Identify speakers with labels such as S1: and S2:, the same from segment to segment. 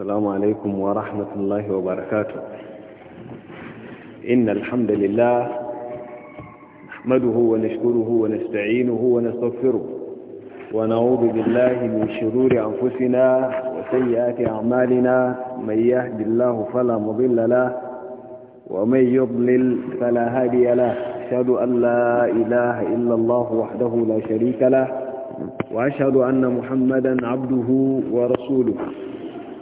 S1: السلام عليكم ورحمة الله وبركاته إن الحمد لله نحمده ونشكره ونستعينه ونستغفره ونعوذ بالله من شرور أنفسنا وسيئات أعمالنا من يهد الله فلا مضل له ومن يضلل فلا هادي له أشهد أن لا إله إلا الله وحده لا شريك له وأشهد أن محمدا عبده ورسوله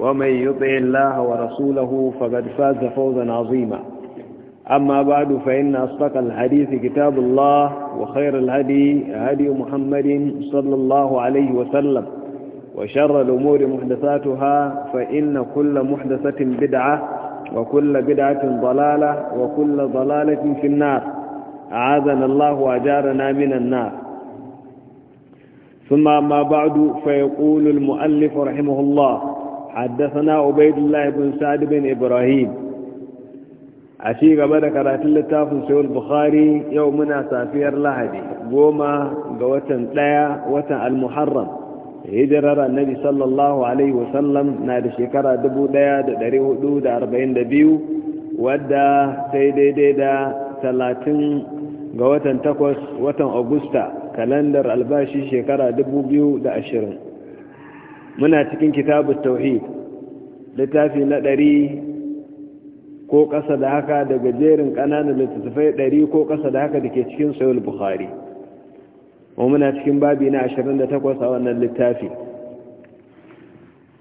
S1: ومن يطع الله ورسوله فقد فاز فوزا عظيما أما بعد فإن أصدق الحديث كتاب الله وخير الهدي هدي محمد صلى الله عليه وسلم وشر الأمور محدثاتها فإن كل محدثة بدعة وكل بدعة ضلالة وكل ضلالة في النار أعاذنا الله وأجارنا من النار ثم ما بعد فيقول المؤلف رحمه الله حدثنا عبيد الله بن سعد بن إبراهيم أشي قبل قرأت اللتاف سوى البخاري يومنا سافير لهدي قوما قوتا لا وتا المحرم هجر النبي صلى الله عليه وسلم نادي شكرا دبو ديا دري دا أربعين دبيو ودا سيدي دا ثلاثين قوتا تقوس وتا أغسطا كالندر الباشي شكرا دبو بيو دا أشرين muna cikin kitabu tauhid littafi na ɗari ko ƙasa da haka daga jerin ƙananan littattafai ɗari ko ƙasa da haka da ke cikin sayul buhari wa muna cikin babi na 28 a wannan littafi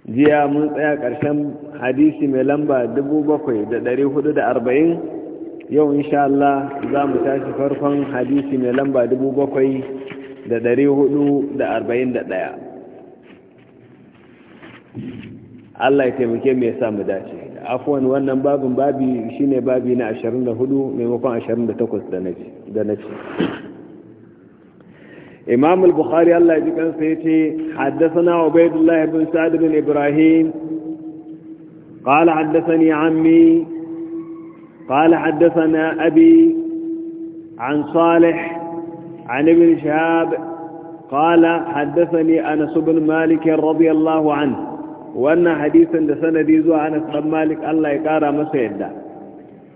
S1: jiya mun tsaya ƙarshen hadisi mai lamba 7,440 yau insha Allah za mu tashi farkon hadisi mai lamba ɗaya. Allah ya taimake mu ya sa mu dace afwan wannan babin babi ne babi na 24 maimakon 28 da nace da nace Imam al-Bukhari Allah ya ji kansa yace haddathana Ubaydullah ibn Sa'd ibn Ibrahim قال حدثني عمي قال حدثنا أبي عن صالح عن ابن شهاب قال حدثني أنس بن مالك رضي الله عنه wannan hadisin da sanadi zuwa anas dan malik Allah ya kara masa yadda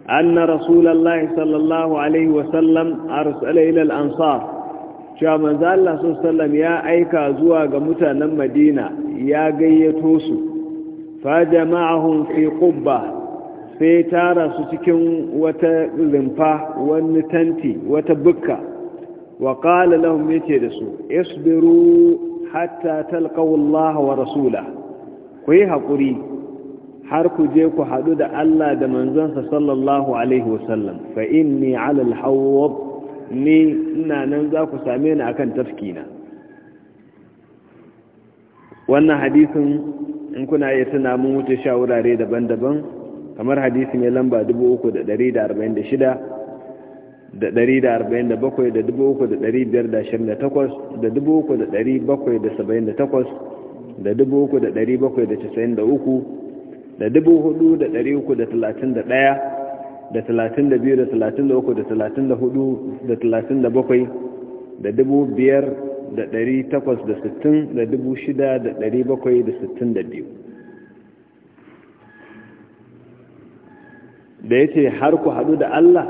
S1: anna rasulullahi sallallahu alaihi wa sallam arsala ila al-ansar cewa manzo Allah sallallahu ya aika zuwa ga mutanen Madina ya gayyato su fa jama'ahum fi qubba sai tara su cikin wata limfa wani tanti wata bukka wa qala lahum yace da su isbiru hatta talqaw Allah wa rasulahu ku yi haƙuri har ku je ku haɗu da Allah da manzonsa sallallahu alaihi wasallam fa ni alal hawwab ni ina nan za ku same ni akan tafkina wannan hadisin in kuna iya tuna mun wuce sha wurare daban-daban kamar hadisi mai lamba 3,346 da 347 da 3,528 da 3,778 da dubu uku da ɗari bakwai da casa'in da uku da dubu hudu da ɗari uku da talatin da ɗaya da talatin da biyu da talatin da uku da talatin da hudu da talatin da bakwai da dubu biyar da ɗari takwas da sittin da dubu shida da ɗari bakwai da sittin da biyu da ya ce har ku haɗu da Allah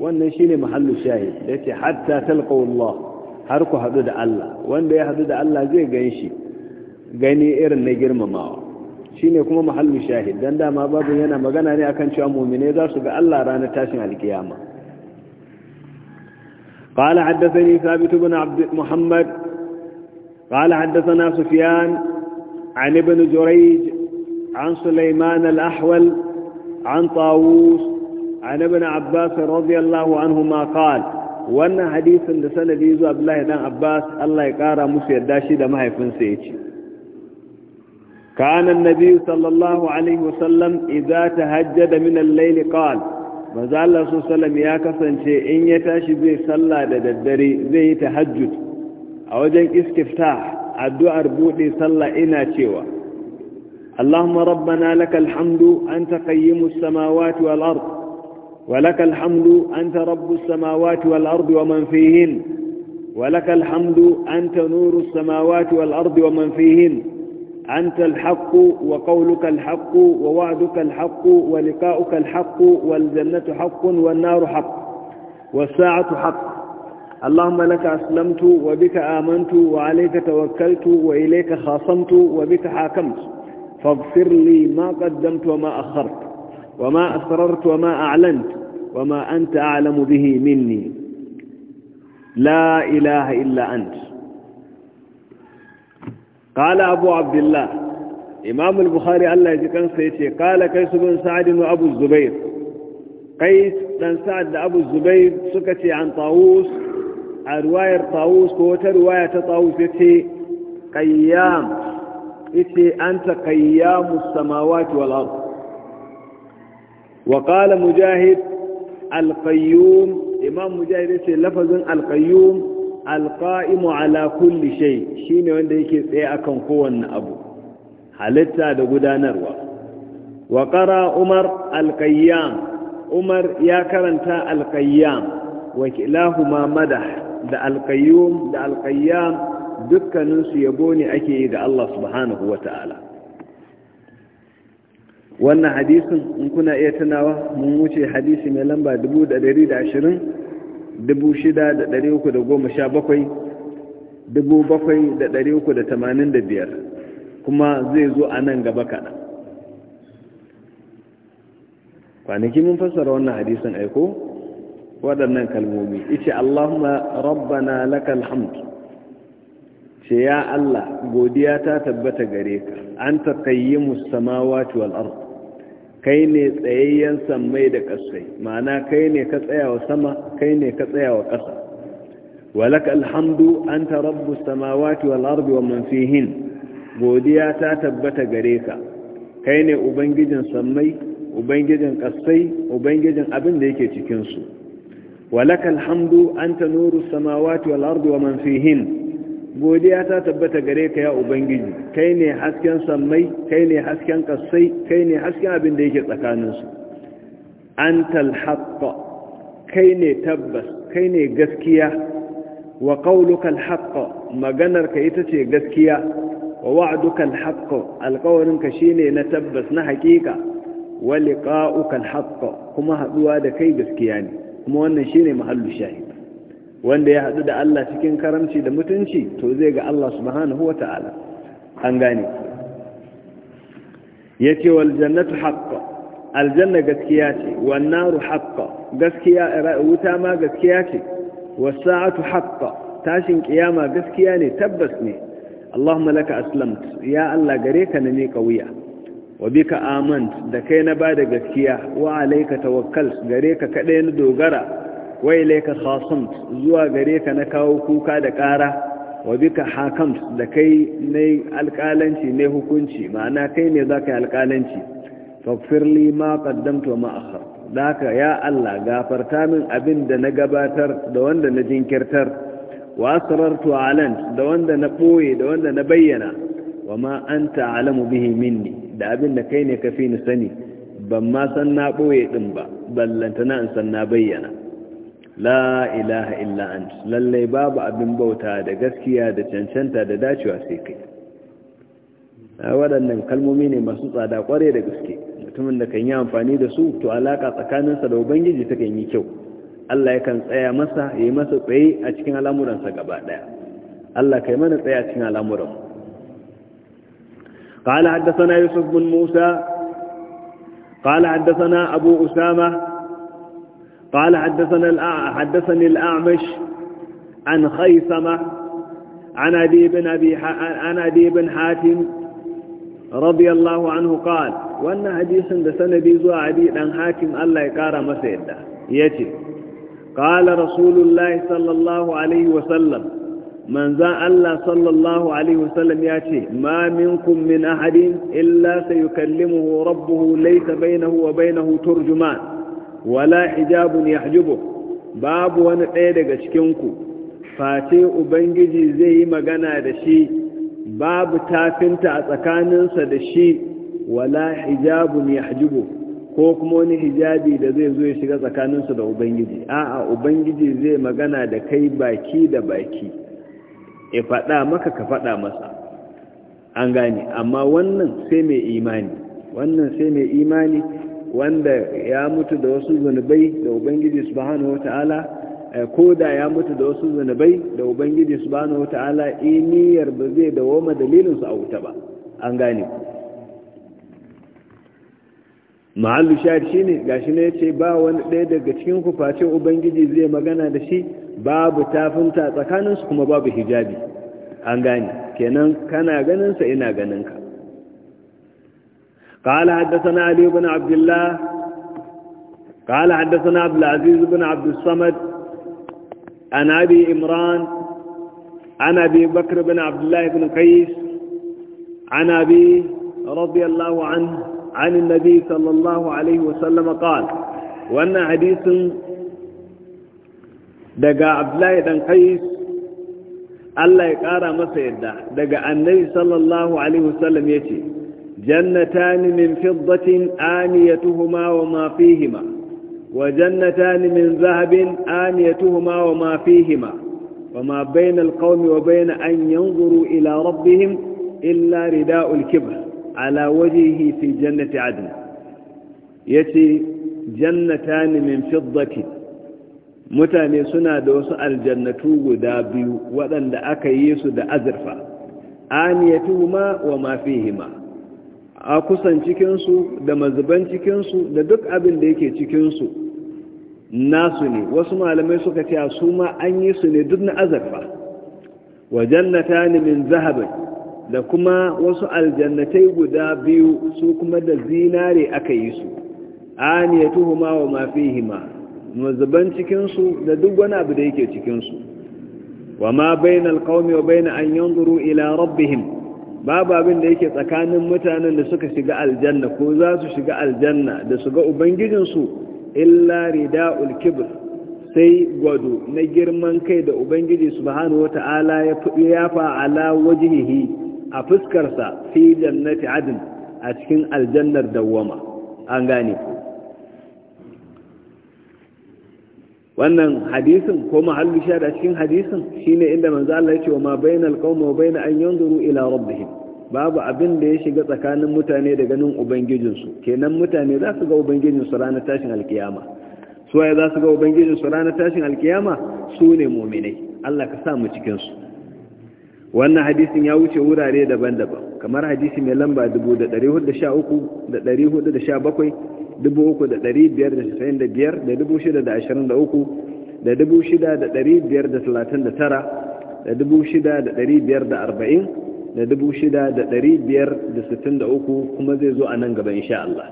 S1: wannan shi ne mahallu shayi. da ya ce hatta talƙa Allah har ku haɗu da Allah wanda ya haɗu da Allah zai gan shi gani irin na girmamawa shi ne kuma mahallin shahid don dama babu yana magana ne akan cewa mummine za su ga Allah ranar tashin alkiyama ƙala haddasa ne sabitu bin muhammad ƙala haddasa na sufiyan an ibn an suleiman al'ahwal an tawus an ibn abbas radiyallahu an huma ƙal wannan hadisun da sanadi zuwa abdullahi dan abbas allah ya ƙara musu yadda shi da mahaifinsa ya ce كان النبي صلى الله عليه وسلم إذا تهجد من الليل قال maza Allah salam ya kasance in ya tashi zai salla da daddare zai yi tahajjud a wajen iskifta addu'ar buɗe sallah ina cewa Allahumma rabbana lakal hamdu anta qayyimus samawati wal ard wa lakal hamdu anta rabbus samawati wal ard wa man fihin wa lakal hamdu wal أنت الحق وقولك الحق ووعدك الحق ولقاؤك الحق والجنة حق والنار حق والساعة حق اللهم لك أسلمت وبك آمنت وعليك توكلت وإليك خاصمت وبك حاكمت فاغفر لي ما قدمت وما أخرت وما أسررت وما أعلنت وما أنت أعلم به مني لا إله إلا أنت kala abu abdullah imam al-bukhari Allah ya ji kansa yace kala kaisu bin sa'd wa abu zubair qais dan sa'd da abu zubair suka ce an tawus a ruwayar tawus ko wata ruwaya ta tawus yace qayyam yace anta qayyamus samawati wal ard وقال مجاهد imam mujahid مجاهد يقول لفظ القيوم alqa'imu ala kulli shi shine wanda yake tsaye akan kowanne abu halitta da gudanarwa wa umar alqayyam umar ya karanta alqayyam wa kilahuma madah da alqayyum da alqayyam dukkaninsu yabo ne ake yi ga Allah subhanahu wataala wannan hadisin in kuna iya tunawa mun wuce hadisi mai lamba ashirin. 6,317 kuma zai zo a nan gaba kaɗan kwanaki mun fassara wannan hadisin aiko waɗannan kalmomi ice Allahumma rabbana lakal hamd ce ya Allah godiya ta tabbata gare ka anta mu samawati wal kai ne tsayayyen sammai da ƙasai ma'ana kai ne ka tsayawa sama kai ne ka tsayawa ƙasa walaka alhamdu an ta rabu samawati wal ardi wa manfihin godiya ta tabbata gare ka kai ne ubangijin sammai ubangijin ƙasai ubangijin abin da yake cikinsu? su walaka alhamdu an ta nuru samawati wal ardi wa manfihin godiya ta tabbata gare ka ya ubangiji kai ne hasken sammai kai ne hasken kassai kai ne hasken abin da yake tsakaninsu antal haqqa kai ne tabbas kai ne gaskiya wa qawluka al maganarka ita ce gaskiya wa wa'duka al haqqa alqawlin ka shine na tabbas na hakika wa liqa'uka al kuma haduwa da kai gaskiya ne kuma wannan shine mahallu shahid wanda ya haɗu da Allah cikin karamci da mutunci to zai ga Allah subhanahu wa ta'ala an gane ya ce wal jannatu haqqa aljanna gaskiya ce wan naru haqqa gaskiya wuta ma gaskiya ce was sa'atu haqqa tashin kiyama gaskiya ne tabbas ne Allahumma laka aslamtu ya Allah gare ka na ne kauya wa bika amant da kai na bada gaskiya wa alayka tawakkal gare ka kadai na dogara wai laika khasamt zuwa gare ka na kawo kuka da ƙara wa bika hakamt da kai ne alƙalanci ne hukunci ma'ana kai ne za ka yi alƙalanci faghfir li ma wa ma akhar ya Allah gafarta min abin da na gabatar da wanda na jinkirtar wa asrartu alan da wanda na boye da wanda na bayyana wa ma anta alamu bihi minni da abin da kai ne ka fi ni sani ban ma san na boye din ba ballantana in san na bayyana la ilaha illa ant lallai babu abin bauta da gaskiya da cancanta da dacewa sai kai waɗannan kalmomi ne masu tsada kware da gaske mutumin da kan yi amfani da su to alaka tsakaninsa da ubangiji ta kan yi kyau Allah yakan tsaya masa ya yi masa tsaye a cikin al'amuransa gaba ɗaya Allah kai mana tsaye a cikin al'amuran قال حدثنا يوسف بن موسى قال حدثنا أبو أسامة قال حدثنا حدثني الأعمش عن خيثمة عن أبي بن, أبي عن أبي بن حاتم رضي الله عنه قال وأن حديث دسن بيزوى عدي عن حاتم الله يقار مسيدة يتي قال رسول الله صلى الله عليه وسلم من ذا الله صلى الله عليه وسلم ياتي ما منكم من أحد إلا سيكلمه ربه ليس بينه وبينه ترجمان wala hijabun yahjubu babu wani ɗaya daga cikin ku face ubangiji zai yi magana da shi babu tafinta a tsakaninsa da shi wala hijabun yahjubu ko kuma wani hijabi da zai zo ya shiga tsakaninsa da ubangiji a'a ubangiji zai magana da kai baki da baki ya faɗa maka ka faɗa masa an gane amma wannan sai mai imani wannan sai mai imani wanda ya mutu da wasu zunubai da ubangiji subhanahu wata'ala eh, ko da ya mutu da wasu zunubai da ubangiji subhanahu wata'ala iniyar ba zai dawoma dalilin su a wuta ba an gane mahallu ne ga shi ne yace ba wani ɗaya daga cikin kufacin ubangiji zai magana da shi babu tafinta tsakaninsu kuma babu hijabi an gane kenan kana ganinsa, ina ganinka. قال حدثنا علي بن عبد الله قال حدثنا عبد العزيز بن عبد الصمد عن أبي إمران عن أبي بكر بن عبد الله بن قيس عن أبي رضي الله عنه عن النبي صلى الله عليه وسلم قال وأن حديث دقى عبد الله بن قيس الله يقارى مسيدة دقى النبي صلى الله عليه وسلم يتي جنتان من فضة آنيتهما وما فيهما وجنتان من ذهب آنيتهما وما فيهما وما بين القوم وبين أن ينظروا إلى ربهم إلا رداء الكبر على وجهه في جنة عدن يتي جنتان من فضة متاني suna دوس الجنة ودابي ودن biyu waɗanda aka yi su a kusan cikinsu da mazuban cikinsu da duk abin da yake cikinsu nasu ne wasu malamai suka ce su ma an yi su ne duk na azarfa wa jannata ne min zahabin da kuma wasu aljannatai guda biyu su kuma da zinare aka yi su An aniyatuhuma wa ma hima. mazuban cikinsu da duk wani abu da yake cikinsu wa ma bayan alkawami wa bayan an yanzuru ila rabbihim babu abin da yake tsakanin mutanen da suka shiga aljanna ko za su shiga aljanna da su ga ubangijinsu illa rida'ul kibr sai gwado na girman kai da ubangiji subhanahu wata'ala ya yafa ala wajhihi a fuskarsa fi jannati adn a cikin aljannar dawwama an gane ku wannan hadisin ko mahallu a cikin hadisin shine inda manzo Allah ya ce wa ma bainal qawmi wa bain an yanzuru ila rabbihim babu abin da ya shiga tsakanin mutane da ganin ubangijinsu kenan mutane za su ga ubangijinsu ranar tashin alkiyama Su waye za su ga ubangijinsu ranar tashin alkiyama su ne muminai. Allah ka sa mu cikinsu wannan hadisin ya wuce wurare daban-daban kamar hadisi mai lamba 1413 da 3,595 da 6,023 da 6,539 da 6,540 da 6,563 kuma zai zo a nan gaba insha Allah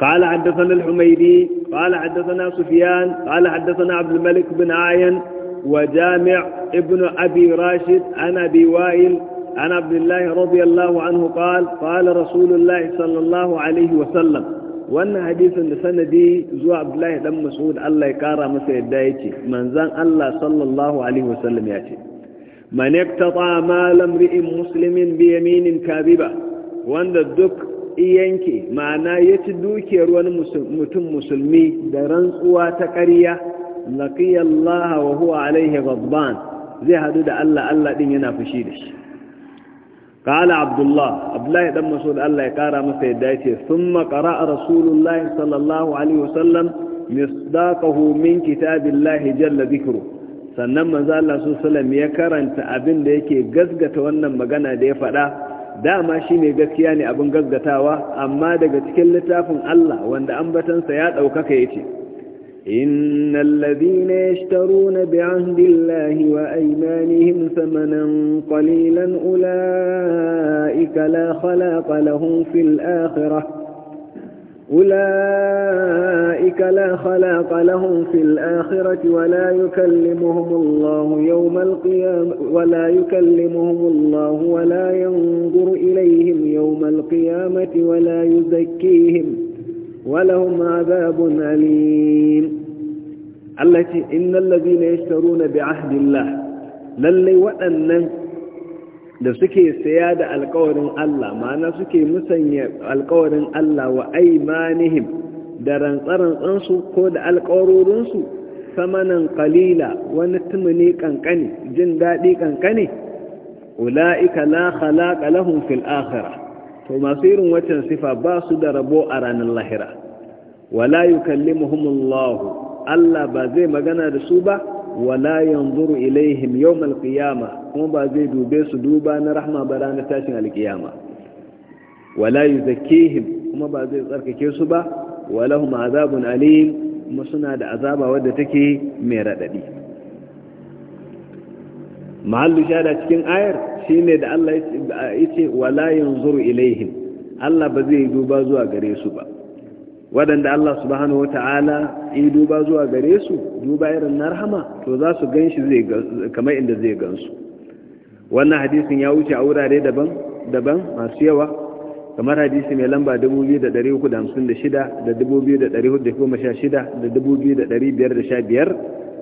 S1: قال حدثنا الحميدي قال حدثنا سفيان قال حدثنا عبد الملك بن عاين وجامع ابن أبي راشد عن أبي وائل عن عبد الله رضي الله عنه قال قال رسول الله صلى الله عليه وسلم wannan hadisin da sanadi zuwa abdullahi dan mas'ud Allah ya kara masa yadda yace manzan Allah sallallahu alaihi wasallam ya ce man yaktata malam ri'in muslimin bi yaminin kadiba wanda duk yanke ma'ana ya ci dukiyar wani mutum musulmi da rantsuwa ta ƙarya laqiya Allah wa huwa alaihi ghadban zai hadu da Allah Allah din yana fushi da shi Kale عبد الله dan الله da allah ya kara masa yadda sun makara a rasulullahi sallallahu alaihi wasallam misdaqahu min kitabillahi jalla dhikru sannan manzo Allah ya karanta abin da yake gasgata wannan magana da ya faɗa dama shine gaskiya ne abin gasgatawa amma daga cikin littafin Allah wanda ambatansa ya ɗaukaka yace إن الذين يشترون بعهد الله وأيمانهم ثمنا قليلا أولئك لا خلاق لهم في الآخرة أولئك لا خلاق لهم في الآخرة ولا يكلمهم الله يوم القيامة ولا يكلمهم الله ولا ينظر إليهم يوم القيامة ولا يزكيهم ولهم عذاب أليم التي إن الذين يشترون بعهد الله للي وأن da suke saya da alkawarin Allah ma'ana suke musanya alkawarin Allah wa aimanihim da rantsarantsansu ko da alkawarorinsu samanan kalila wani tumuni kankani jin daɗi kankani ula'ika la khalaqa lahum fil akhirah to masu irin waccan sifa ba su da rabo a ranar lahira wala yukallimuhumullahu Allah ba zai magana da su ba wala yanzuru ilaihim yawmal qiyama kuma ba zai dube su duba na rahma ba ranar tashin alkiyama wala yuzakkihim kuma ba zai tsarkake su ba walahum azabun alim kuma suna da azaba wadda take mai radadi mahallu shada cikin ayar shi ne da Allah ya ce wala yanzuru ilaihim Allah ba zai duba zuwa gare su ba waɗanda Allah subhanahu wata'ala yi duba zuwa gare su duba irin na rahama to za su gan shi kamar inda zai gansu wannan hadisin ya wuce a wurare daban-daban masu yawa kamar hadisi mai lamba 2356 da 2416 da 2515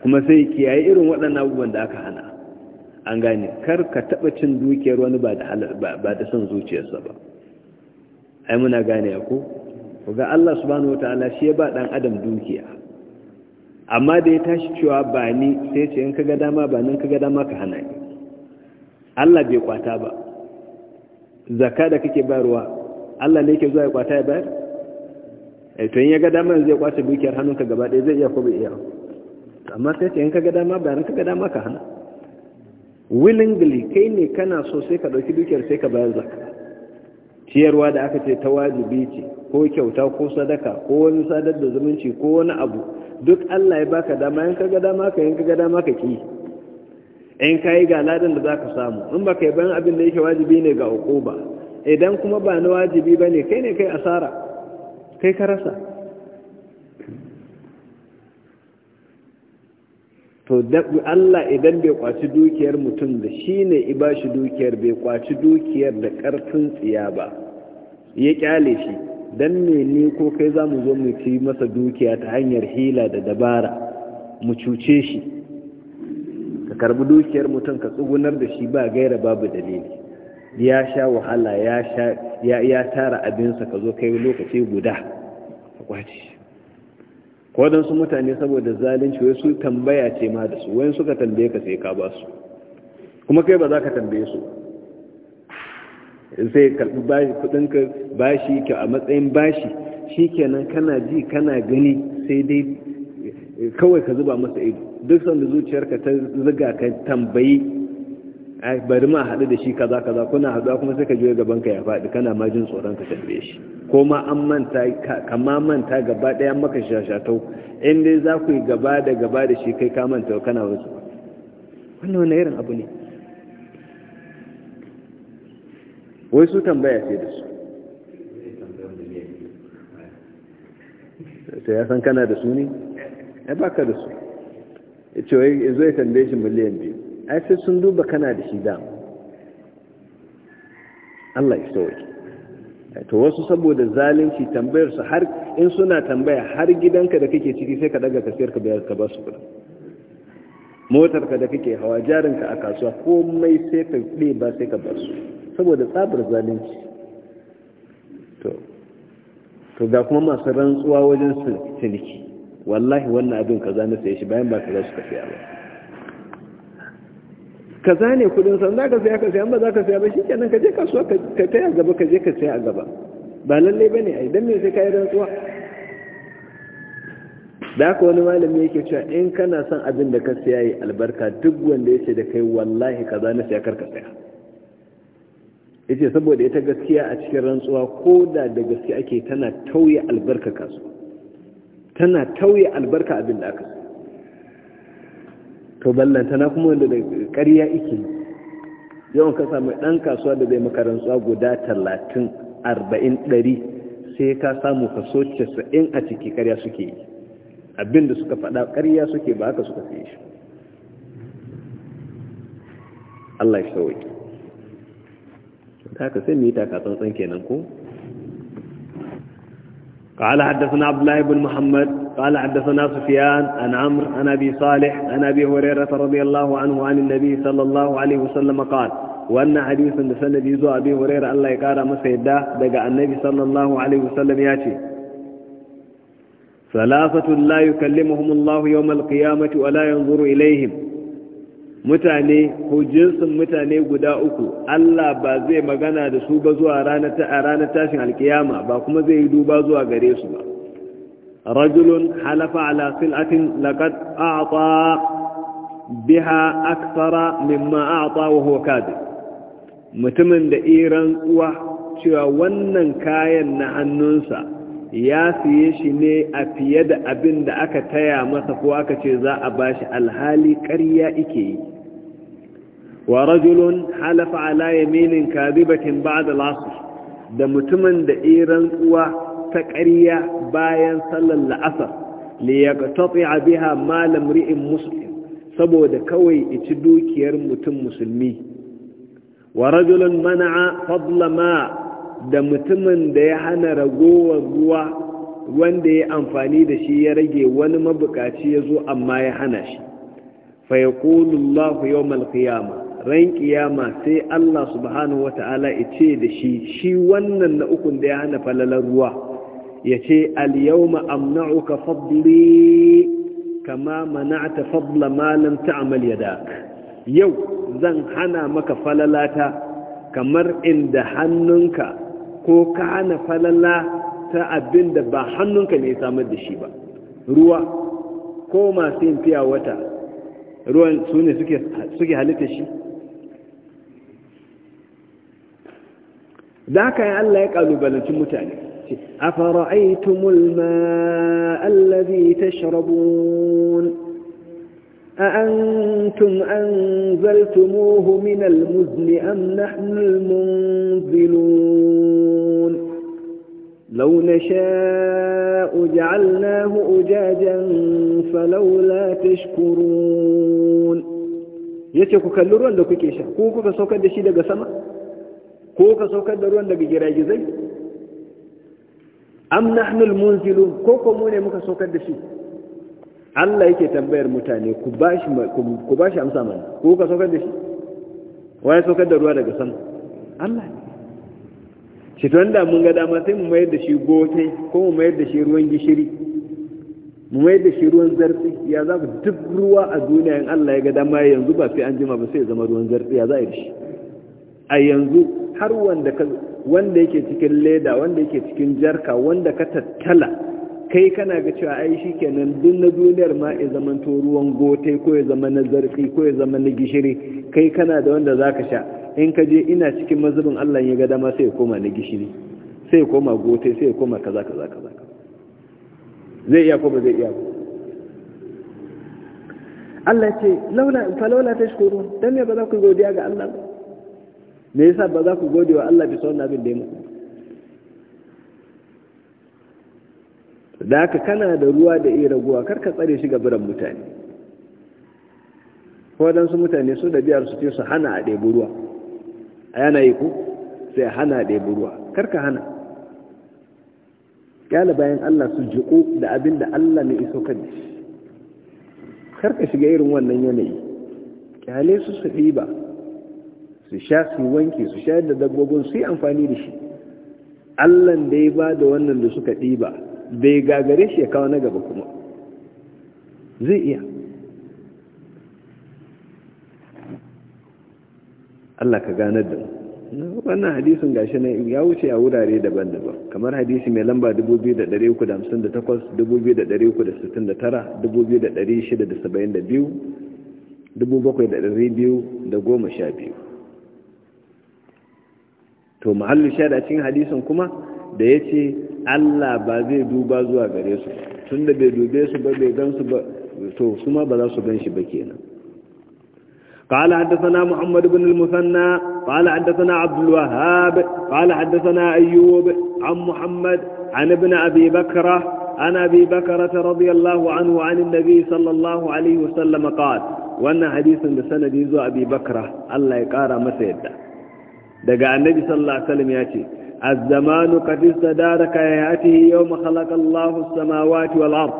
S1: kuma sai kiyaye irin waɗannan abubuwan da aka hana an gane kar ka taɓa cin dukiyar wani ba da son zuciyarsa ba ai muna gane ko ga Allah subhanahu wataala shi ya ba dan adam dukiya amma da ya tashi cewa ba ni sai ce in kaga dama ba nan kaga dama ka hana ni Allah bai kwata ba zakka da kake bayarwa Allah ne yake zuwa ya kwata ya bayar eh to in ya ga dama zai kwace dukiyar hannunka gaba ɗaya zai iya ko bai iya amma sai ce in ka ga dama bayan ka ga dama ka hana willingly kai ne kana so sai ka ɗauki dukiyar sai ka bayar zakka ciyarwa da aka ce ta wajibi ce ko kyauta ko sadaka ko wani sadar da zumunci ko wani abu duk Allah ya baka dama in kaga dama ka in kaga dama ka ki in kai ga ladan da zaka samu in baka yi ban abin da yake wajibi ne ga uquba idan kuma ba na wajibi bane kai ne kai asara kai ka rasa to Allah idan bai kwaci dukiyar mutum da shi ne iba dukiyar bai kwaci dukiyar da ƙarfin tsiya ba ya kyale shi don ne ne ko kai za mu zo mu ci masa dukiya ta hanyar hila da dabara mu cuce shi ka karbi dukiyar mutum ka tsugunar da shi ba gaira babu dalili ya sha wahala ya tara abinsa ka zo kai lokaci guda ka kwaci shi ko mutane saboda zalunci wai su tambaya ce ma da su wai suka tambaye ka sai ka ba su kuma kai ba za ka tambaye su sai karbi bashi kudinka bashi ka a matsayin bashi kenan kana ji kana gani sai dai kawai ka zuba masa ido duk sanda zuciyarka ta zuga ka tambayi bari ma haɗu da shi kaza kaza kuna haɗuwa kuma sai ka juya gaban ka ya faɗi kana ma jin tsoron ka tambaye shi ko ma an manta kama manta gaba ɗaya maka shashatau in dai za ku yi gaba da gaba da shi kai ka manta kana wasu wannan wani irin abu ne wai su tambaya sai da su sai ya san kana da su ne ai baka da su ya ce wai zo ya tambaye shi miliyan biyu ai sai sun duba kana da shi da Allah ya sauke to wasu saboda zalunci tambayar su har in suna tambaya har gidanka da kake ciki sai ka daga ka ka bayar ka ba kuɗi motar ka da kake hawa jarinka a kasuwa komai sai ka ba sai ka ba saboda tsabar zalunci to to ga kuma masu rantsuwa wajen su ciniki wallahi wannan abin kaza na sai shi bayan ba ka za su kafiya ba kaza ne kudin san za ka saya ka saya ba za ka saya ba shi ka je kasuwa ka taya gaba ka je ka saya a gaba ba lallai ba ne a idan mai sai ka yi rantsuwa da aka wani malami yake cewa in kana son abin da ka saya yi albarka duk wanda ya ce da kai wallahi kaza na saya karka saya ya ce saboda ita gaskiya a cikin rantsuwa ko da da gaske ake tana tauye albarka kasuwa tana tauye albarka abin da aka saya to ballanta na kuma wanda da ƙarya ike yawan ka samu ɗan kasuwa da zai makarantsuwa guda talatin arba'in ɗari sai ka samu kaso casa'in a ciki ƙarya suke yi abinda suka faɗa ƙarya suke ba haka suka fiye shi Allah ya shawai ta ka sai mu yi tsantsan kenan ko قال حدثنا عبد الله بن محمد قال حدثنا سفيان عن عمرو عن أبي صالح عن أبي هريرة رضي الله عنه عن النبي صلى الله عليه وسلم قال وأن حديث سند يزو أبي هريرة الله يقارى مسيدة دقى النبي صلى الله عليه وسلم ياتي ثلاثة لا يكلمهم الله يوم القيامة ولا ينظر إليهم mutane ko jinsin mutane guda uku Allah ba zai magana da su ba zuwa a ranar tashin alkiyama ba kuma zai yi duba zuwa gare su ba رجل حلف على سلعة لقد أعطى بها أكثر مما أعطى وهو كاذب متمن دائرا cewa wannan kayan na hannunsa ya siye shi ne a fiye da abin da aka taya masa ko aka ce za a bashi alhali karya ike yi wa rajulun halafa ala yaminin kadhibatin ba'da al da mutumin da iran tsuwa ta ƙarya bayan sallar la'asar li yaqtati'a biha Malam ri'in musulmi saboda kawai ici dukiyar mutum musulmi wa rajulun mana'a fadla da mutumin da ya hana ragowar ruwa wanda ya amfani da shi ya rage wani mabukaci ya zo amma ya hana shi fayakulullahu yaqulu Allahu ran kiyama sai Allah subhanahu wa wata'ala ice da shi shi wannan na ukun da ya hana falalar ruwa ya ce al-yawma amna'uka fadli kama mana'ta fadla ma lam ta'mal yadak yau zan hana maka falalata kamar inda hannunka ko ka falala ta abinda ba hannunka ne ya samar da shi ba ruwa ko masu yin fiya wata ruwan su ne suke halitta shi da haka yi Allah ya kalubalancin mutane أفرأيتم الماء الذي تشربون أأنتم أنزلتموه من المزن أم نحن المنزلون لو نشاء جعلناه أجاجا فلولا تشكرون يتكو ku kalli ruwan كوكو كسوكا sha ko كوكو كسوكا دروان shi daga am nahnul munzilun ko ko mu ne muka saukar da shi Allah yake tambayar mutane ku bashi ku bashi amsa mana ko ka saukar da shi waye saukar da ruwa daga sama Allah shi to da mun ga dama sai mu mayar da shi gote ko mu mayar da shi ruwan gishiri mu mayar da shi ruwan zartsi ya za ku duk ruwa a duniya in Allah ya ga dama yanzu ba sai an jima ba sai ya zama ruwan zartsi ya za a yi shi a yanzu har wanda ka wanda yake cikin leda wanda yake cikin jarka wanda ka tattala kai kana ga cewa ai shi kenan duk na duniyar ma ya zama to ruwan gote ko ya zama na zarfi ko ya zama na gishiri kai kana da wanda zaka sha in ka je ina cikin mazubin Allah ya ga dama sai ya koma na gishiri sai ya koma gote sai ya koma kaza kaza kaza zai iya ko ba zai iya ko. Allah ya ce laula fa laula tashkurun dan ne ba za ku godiya ga Allah ba me yasa ba za ku gode wa Allah bisa wannan abin da ya muku da haka kana da ruwa da iya raguwa karka tsare shi ga biran mutane waɗansu mutane su da biyar su ce su hana a ɗebi ruwa a yi ku sai hana a ɗebi ruwa karka hana kyala bayan Allah su jiƙo da abin da Allah mai iso kan shi karka shiga irin wannan yanayi kyale su su ɗiba su sha su wanke su shayar da dabbobin su yi amfani da shi allan da ya ba da wannan da suka ɗiba bai gagare shi ya kawo na gaba kuma zai iya allah ka ganar da wannan hadisin gashi na ya wuce a wurare daban-daban kamar hadisi mai lamba 2358 2369 2672 biyu. to mahallin shaida cikin hadisin kuma da ya ce allah ba zai duba zuwa gare su tun da bai dube su ba bai gan su ba to su ma ba za su gan shi ba kenan قال حدثنا محمد بن المثنى قال حدثنا عبد الوهاب قال حدثنا أيوب عن محمد عن ابن أبي بكرة عن أبي بكرة رضي الله عنه عن النبي صلى الله عليه وسلم قال وأن حديث بسند يزو أبي بكرة الله يقارى مسيدة daga annabi sallallahu alaihi wasallam ya az-zamanu qad istadara ka yatihi yawma khalaqa Allahu as-samawati wal ard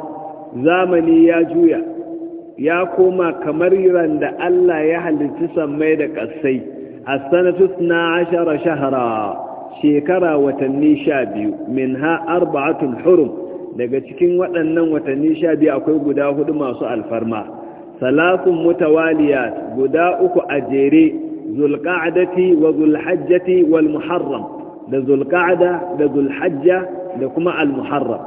S1: zamani ya juya ya koma kamar da Allah ya halitta samai da kasai as-sanatu 12 shahra shekara watanni 12 minha arba'atun hurum daga cikin waɗannan watanni 12 akwai guda hudu masu alfarma salatun mutawaliyat guda uku a jere zulqa'adati wa zulhajjati wal muharram da zulqa'ada da zulhajja da kuma al muharram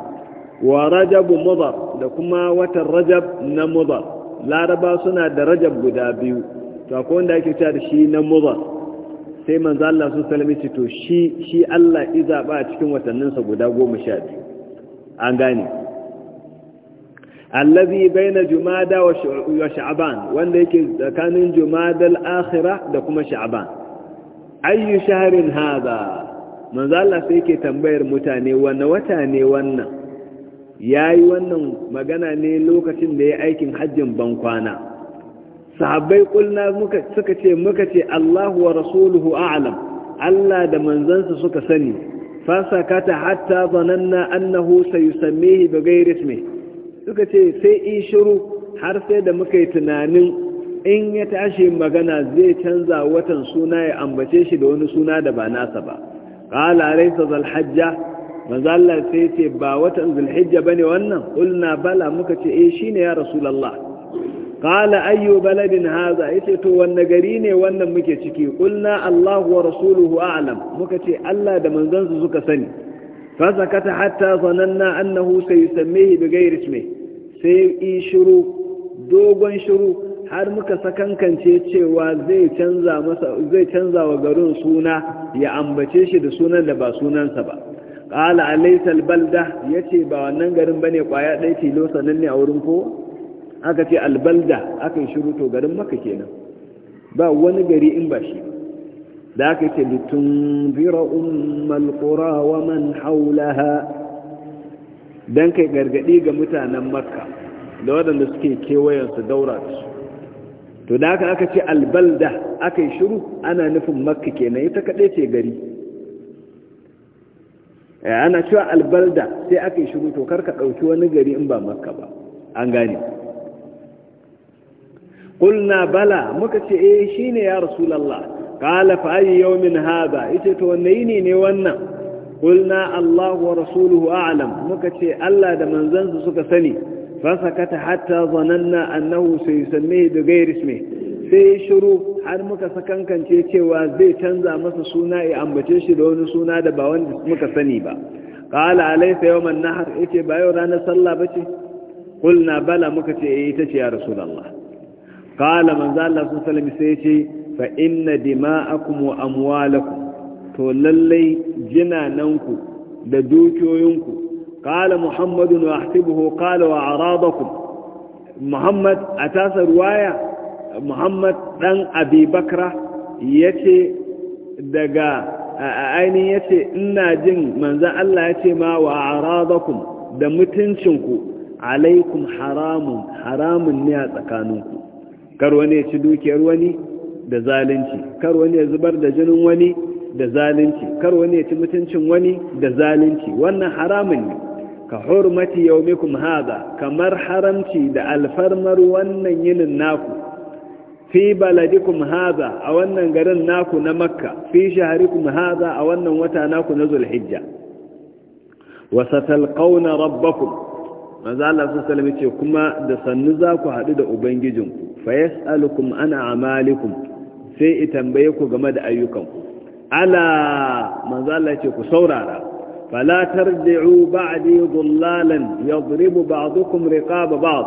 S1: wa rajab mudar da kuma watan rajab na mudar laraba suna da rajab guda biyu to akwai wanda ake cewa da shi na mudar sai manzala Allah su to shi shi Allah izaba a cikin watanninsa guda goma sha biyu an gane allazi baina jumada wa sha'ban wanda yake tsakanin jumada al-akhira da kuma sha'ban ayyu shahrin hadha manzo Allah sai yake tambayar mutane wanne wata ne wannan yayi wannan magana ne lokacin da yayi aikin hajjin bankwana sahabbai kulna muka suka ce muka ce Allahu wa rasuluhu a'lam Allah da manzansa suka sani fasakata hatta zananna annahu sayusammihi bighairi ismihi suka ce sai in shiru har sai da muka yi tunanin in ya tashi magana zai canza watan suna ya ambace shi da wani suna da ba nasa ba qala laysa zal hajja sai ce ba watan ba bane wannan qulna bala muka ce eh shine ya rasulullah qala ayyu baladin haza. yace to wanne gari ne wannan muke ciki qulna Allah wa rasuluhu a'lam muka ce Allah da manzansa suka sani فسكت hatta ظننا annahu bi بغير ismihi sai yi shiru dogon shiru har muka sakankance cewa zai canza wa garin suna ya ambace shi da sunan da ba sunansa ba ƙala qala balda ya ce ba wannan garin bane kwaya ɗai tilo sanan ne a wurin ko aka ce albalda aka yi shiru to garin maka kenan ba wani gari in ba shi da aka ce litun bira ummal wa man haulaha don kai gargaɗi ga mutanen makka da waɗanda suke kewayensu daura da su to da haka aka ce albalda aka yi shiru ana nufin makka kenan ita kaɗe ce gari eh, ana cewa albalda sai aka yi shiru to karka ɗauki wani gari in ba makka ba an gane ƙulna bala muka ce eh shine ya rasulallah lalla, fa ayi min haza, ita to wanne yini ne wannan قلنا الله ورسوله أعلم مكتي ألا دمن زنز سكسني فسكت حتى ظننا أنه سيسميه بغير اسمه sai shiru har muka sakankance cewa zai canza masa suna ya ambace shi da wani suna da ba wanda muka sani ba qala alaysa yawman nahar yace ba yau ranar sallah bace qulna bala muka ce eh ita ce ya rasulullah qala manzo Allah sallallahu alaihi wasallam sai yace fa inna dima'akum wa amwalakum to lallai jina jinananku da dukiyoyinku qala muhammadun wa ahtibuhu qala wa aradakum muhammad a tasa ruwaya muhammad dan abi bakra yace daga ainihin yace ina jin manzan Allah yace ma wa aradakum da mutuncinku alaikum haramun haramun ne a tsakaninku kar wani ya ci dukiyar wani da zalunci kar wani ya zubar da jinin wani da zalunci kar wani ya ci mutuncin wani da zalunci wannan haramun ne ka hurmati yaumikum hada kamar haramci da alfarmar wannan yinin naku fi baladikum hada a wannan garin naku na makka fi shaharikum hada a wannan wata naku na zulhijja wa satalqawna rabbakum manzo Allah sallallahu alaihi wasallam ce kuma da sannu za ku haɗu da ubangijinku fa yasalukum ana amalikum sai i tambaye ku game da ayyukanku ala manzo Allah ce ku saurara fala tarji'u ba'di dhullalan yadribu ba'dukum riqaba ba'd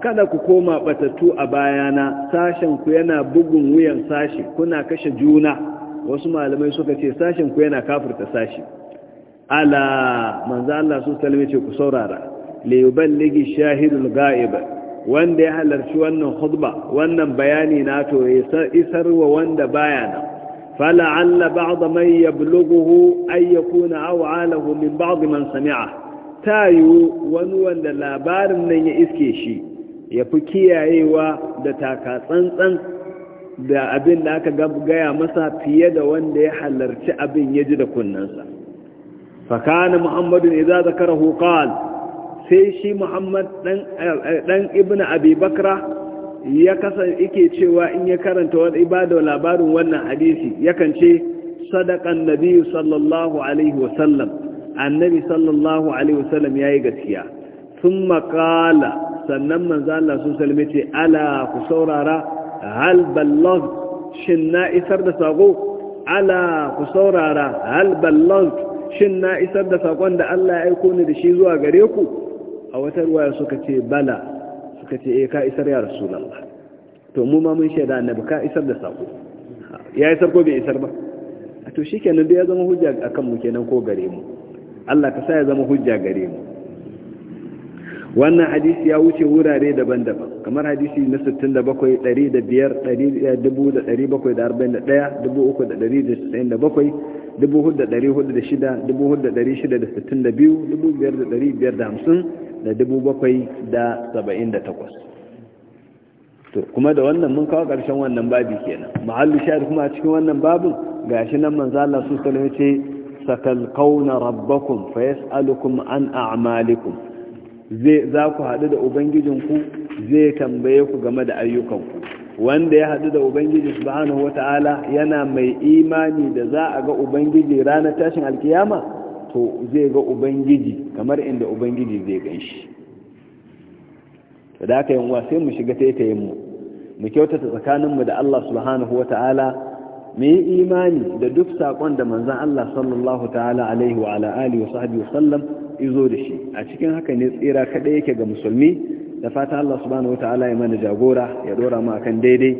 S1: kada ku koma batatu a bayana sashen ku yana bugun wuyan sashi kuna kashe juna wasu malamai suka ce sashen ku yana kafirta sashi ala manzo Allah su sallame ce ku saurara li yuballighi shahidul ghaib wanda ya halarci wannan khutba wannan bayani na to ya isar wa wanda baya nan فلعل بعض من يبلغه أن يكون أوعاله من بعض من سمعه تايو ونوان لابار من يسكيشي يفكي أيوة دتاكا سنسن da abin da aka gaya masa fiye da wanda ya halarci abin ya ji da kunnansa fakana muhammadun idza zakarahu qal sai shi muhammad dan ibnu ya kasance yake cewa in ya karanta wani ibada labarin wannan hadisi yakan ce sadakan Nabiyu, sallallahu alaihi wasallam annabi sallallahu alaihi wasallam yayi gaskiya sun makala sannan manzo Allah sun salme ce ala ku saurara hal ballag shin na isar da sako ala ku saurara hal ballag shin na isar da sakon da Allah ya aiko ni da shi zuwa gare ku a wata ruwaya suka ce bala suka ce eh ka isar ya rasulullah to mu ma mun shaida annabi ka isar da sako ya isar ko bai isar ba A to shikenan da ya zama hujja akan mu kenan ko gare mu Allah ka sa ya zama hujja gare mu wannan hadisi ya wuce wurare daban-daban kamar hadisi na 67 105 1741 to kuma da wannan mun kawo ƙarshen wannan babi kenan muhalli sha'ir kuma a cikin wannan babin gashi nan manzo Allah su sallallahu ce sakal qawna rabbakum yas'alukum an a'malikum zai za ku haɗu da ubangijinku zai tambaye ku game da ayyukanku wanda ya haɗu da ubangiji subhanahu wata'ala yana mai imani da za a ga ubangiji ranar tashin alkiyama to zai ga ubangiji kamar inda ubangiji zai ganshi. shi to da aka yin sai mu shiga taitayen mu mu kyautata tsakaninmu da Allah subhanahu wata'ala mai yi imani da duk saƙon da manzan Allah sallallahu ta'ala alaihi wa ala alihi wa sahbihi sallam izo da shi a cikin haka ne tsira kada yake ga musulmi da fata Allah subhanahu wataala ya mana jagora ya dora mu akan daidai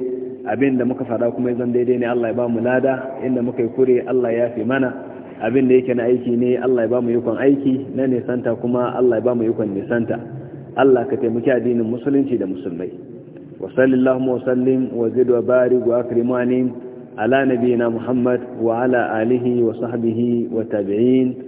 S1: abin da muka faɗa kuma zan daidai ne Allah ya ba mu lada inda muka yi kure Allah ya fi mana abin da yake na aiki ne Allah ya ba mu yukon aiki na nisanta kuma Allah ya ba mu yukon nisanta Allah ka taimaki addinin musulunci da musulmai wa sallallahu wa sallim wa zid wa barik wa akrimani ala nabiyina muhammad wa ala alihi wa sahbihi wa tabi'in